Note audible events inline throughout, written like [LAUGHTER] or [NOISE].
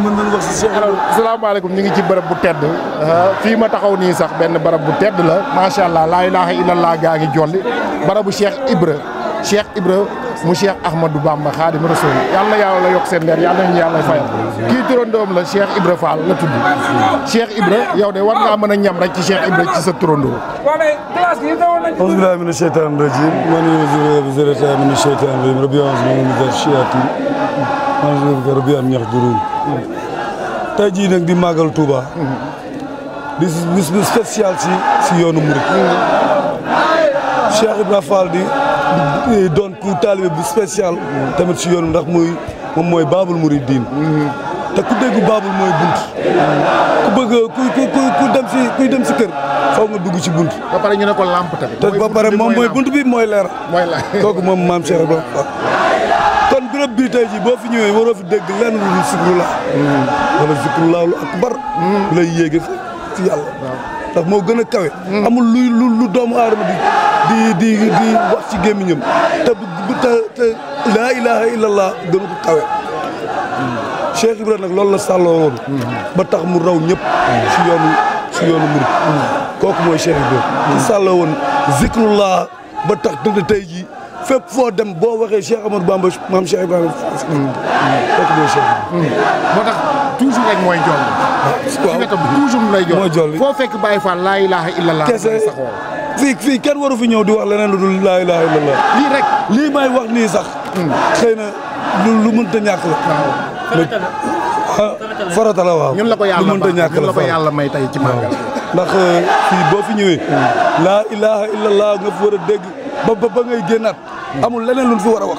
mën salaamaaleykum ñu ngi ci bërëb bu tedd ah, fii ma taxaw nii sax benn bërëb bu tedd la macha allah laa ilaaha illallah gaa ngi jolli bërëbu Cheikh Ibra Cheikh Ibra mu Cheikh Ahmadou Bamba Xaadimu Rasuul yàlla yàlla yokk seen leer yàlla nañu fayal kii turandoom la Cheikh Ibra Fall la tudd Cheikh Ibra yow de war ngaa mën a ñam rek ci Cheikh Ibra ci sa turandoo. auzu billaahi mina sheytaani Mm. tey jii nag di màggal Touba. di bis bu si si yoonu Mouride. Cheikh Ibrahima Fall di doon ku taalibe bu spécial. tamit si yoonu ndax muy moom mooy Baabul Muridiin te ku dégg baabul mooy bunt ku bëgg ku ku dem si kuy si kër faw nga dugg si bunt ba pare ñu ne ko lamp tamit te ba pare moom mooy bunt bi mooy leer mooy leer kooku moom maam Cheikh Ibrahima bërëb bi tey jii boo fi ñëwee waroo fi dégg lenn lu zikrullah wala zikrullah lu akbar lay yéege fi ci yàlla ndax moo gën a kawe amul luy lu lu doomu adama di di di di gémmiñam te te te laa ilaha illallah gënu ko kawe Cheikh Ibrahima nag loolu la sàlloo ba tax mu raw ñëpp ci yoonu ci kooku mooy Cheikh Ibrahima ci sàlloo ba tax dëgg tey jii fépp foo dem boo waxee Cheikh Amadou Bamba maam Cheikh Ibrahima fekk boo Cheikh moo tax toujours rek mooy joll waaw toujours lay joll mooy joll foo fekk Baye Fall laa ilaaha illallah kese fii fii kenn waru fi ñëw di wax leneen lu dul laa ilaaha illallah lii rek lii may wax nii sax xëy na lu lu mënta ñàkk la ah, farata la waaw ñun la ko yàlla mënta ñàkk la ko yàlla may tey ci màggal ndax eh, fii boo fi ñëwee laa ilaha illallah nga fi war a dégg ba ba ba ngay génnaat amul leneen lu ñu fi war a wax.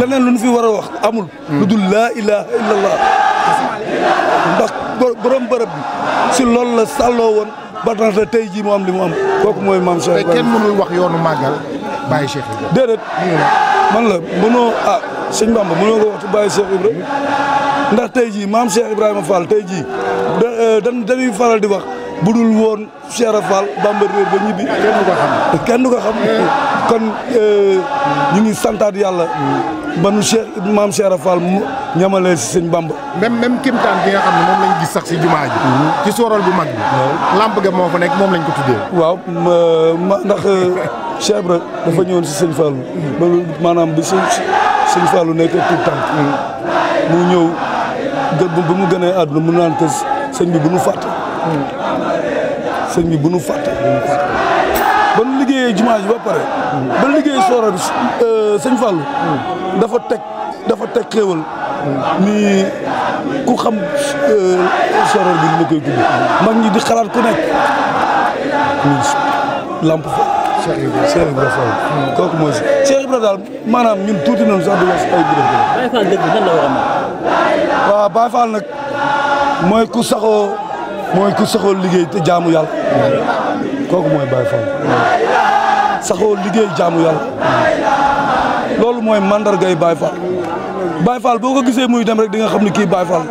leneen lu ñu fi war a wax amul. lu dul laa ilaha illallah. ndax borom bërëb bi si loolu la sàlloo woon ba tax na tey jii mu am li mu am kooku mooy maam Cheikh Ibrahima. tey kenn mënul wax yoonu màggal bàyyi Cheikh Ibrahima. déedéet man la mënoo a ah, sëñ Bamba mënoo nga wax ci bàyyi Cheikh Ibrahima ndax tey jii maam Cheikh Ibrahima Fall tey jii da euh, dañuy faral di wax budul woon Cheikh Fall Bamba réer ba ñibbi. kenn du xam kenn du xam. Eh. kon euh, ñu ngi santaat yàlla ba nu Cheikh maam Cheikh Fall mu ñamalee si sëñ Bamba. même même kimtaan bi nga xam ne moom lañ gis sax si jumaa ji. Mhm. ci sorol bu mag bi. ga moo nekk moom lañ ko tuddee. waaw ma ndax euh, Cheikh Ibra dafa mhm. ñëwoon si sëñ Fallou. Mhm. ba maanaam bi sëñ sëñ Fallou nekkee tout mu ñëw gë bu mu gënee àdduna mu naan que sëñ bi bu nu fàtte. sëñ bi bu nu fàtte. ba nu liggéeyee jumaa ji ba pare. ba liggéey soora bi euh, sëñ Fall. dafa teg dafa teg xéewal. ni ku xam euh, soora bi ni la koy gudd. mag ñi di xalaat ku nekk. ñun lamp fa. Cheikh Ibrahima Cheikh Ibrahima Fall. kooku mooy si Cheikh Ibrahima daal maanaam ñun tuuti nañu sax di wax ay biir. Baye Fall dëgg nan la war a mel. waaw Baye Fall nag mooy ku saxoo mooy ku saxoo liggéey te jaamu yàlla. kooku mooy Baye Fall saxoo liggéey jaamu yàlla loolu mooy mandargay Baye Fall Baye Fall boo ko gisee muy dem rek di nga xam ne kii Baye Fall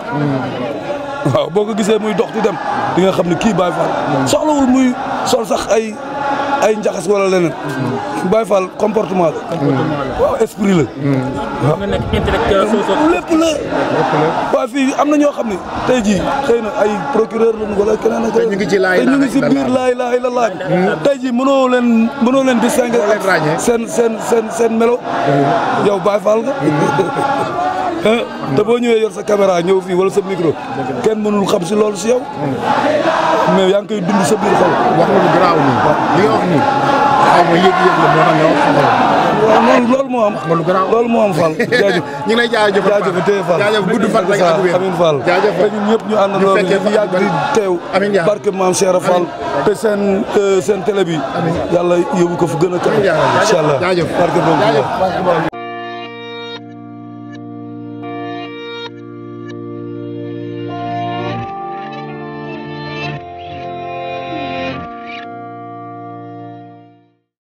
waaw boo ko gisee muy dox di dem di nga xam ne kii Baye Fall soxlawul muy sol sax ay ay njaxas wala leneen. Baye Fall comportement la. comportement la mm. waaw am na ñoo xam ne tey jii xëy na ay procureur lañ wala keneen ak. te ñu ngi ci laay ñu ngi si biir laay la laaj. tey jii mënoo leen mënoo leen distinguer. seen seen seen seen melo. Mm. yow Baye te boo ñëwee yor sa caméra ñëw fii wala sa micro kenn mënul xam si loolu si yow mais yaa ngi koy dund sa biir xol wax nga lu garaaw nii li nga wax nii xaw ma yëg-yëg la moo tax nga am loolu moo [LAUGHS] ñu ñëpp ñu ànd loolu ñu yàgg di teew barke maam Cheikh Fall te seen euh, seen bi yàlla yóbbu ko fu gën a kaw incha allah